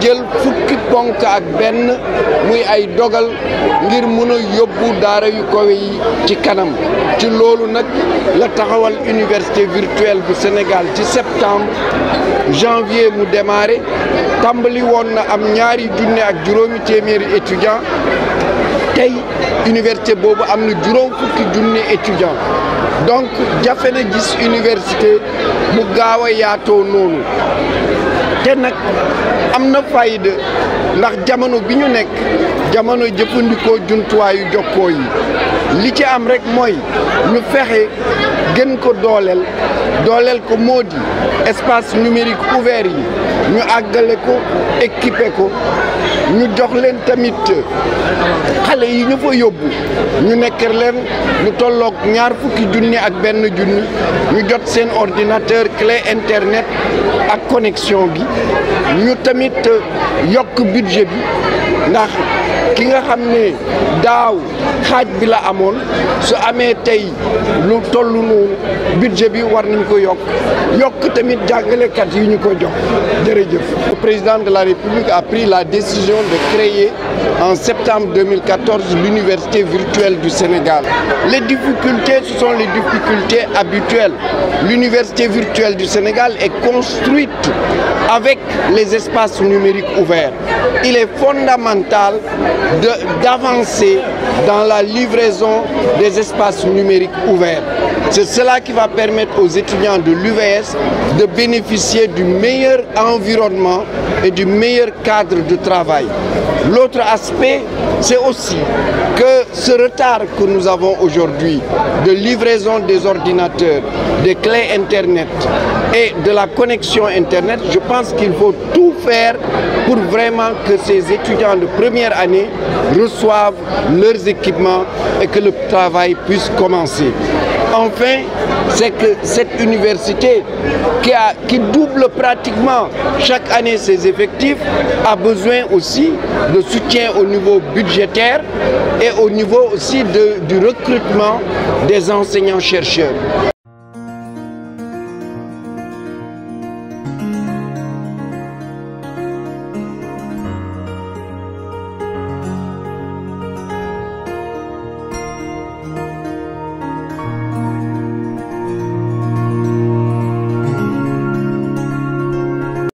jël fukki ponk ak Ben, muy ay dogal ngir mun a daara yu ko wi ci kanam ci lolu nak la taxawal université virtuelle du Sénégal ci septembre janvier mu démarré tambali won na am ñaari junne ak juróomi étudiants tay université bobu amna na fukki junne étudiants donc jafe na gis université mu gaaw à yaatoo te nag am na fayda ndax jamono bi ñu nekk jamono jëfandikoo jumtuwaayu jokkoo yi li ci am rek mooy ñu fexe gën ko dooleel dooleel ko moo di espace numérique ouvert yi ñu àggale ko équipé ko ñu jox leen tamit xale yi ñu fa yóbbu ñu nekk leen ñu tolloog ñaar fukki junni ak benn junni ñu jot seen ordinateur clé internet ak connexion bi ñu tamit yokk budget bi ndax le président de la République a pris la décision de créer en septembre 2014 l'université virtuelle du Sénégal. Les difficultés, ce sont les difficultés habituelles. L'université virtuelle du Sénégal est construite avec les espaces numériques ouverts. Il est fondamental d'avancer dans la livraison des espaces numériques ouverts. C'est cela qui va permettre aux étudiants de l'UVS de bénéficier du meilleur environnement et du meilleur cadre de travail. L'autre aspect, c'est aussi que ce retard que nous avons aujourd'hui de livraison des ordinateurs, des clés Internet et de la connexion Internet, je pense qu'il faut tout faire pour vraiment que ces étudiants de première année reçoivent leurs équipements et que le travail puisse commencer enfin, c'est que cette université qui, double pratiquement chaque année ses effectifs a besoin aussi de soutien au niveau budgétaire et au niveau aussi du recrutement des enseignants-chercheurs.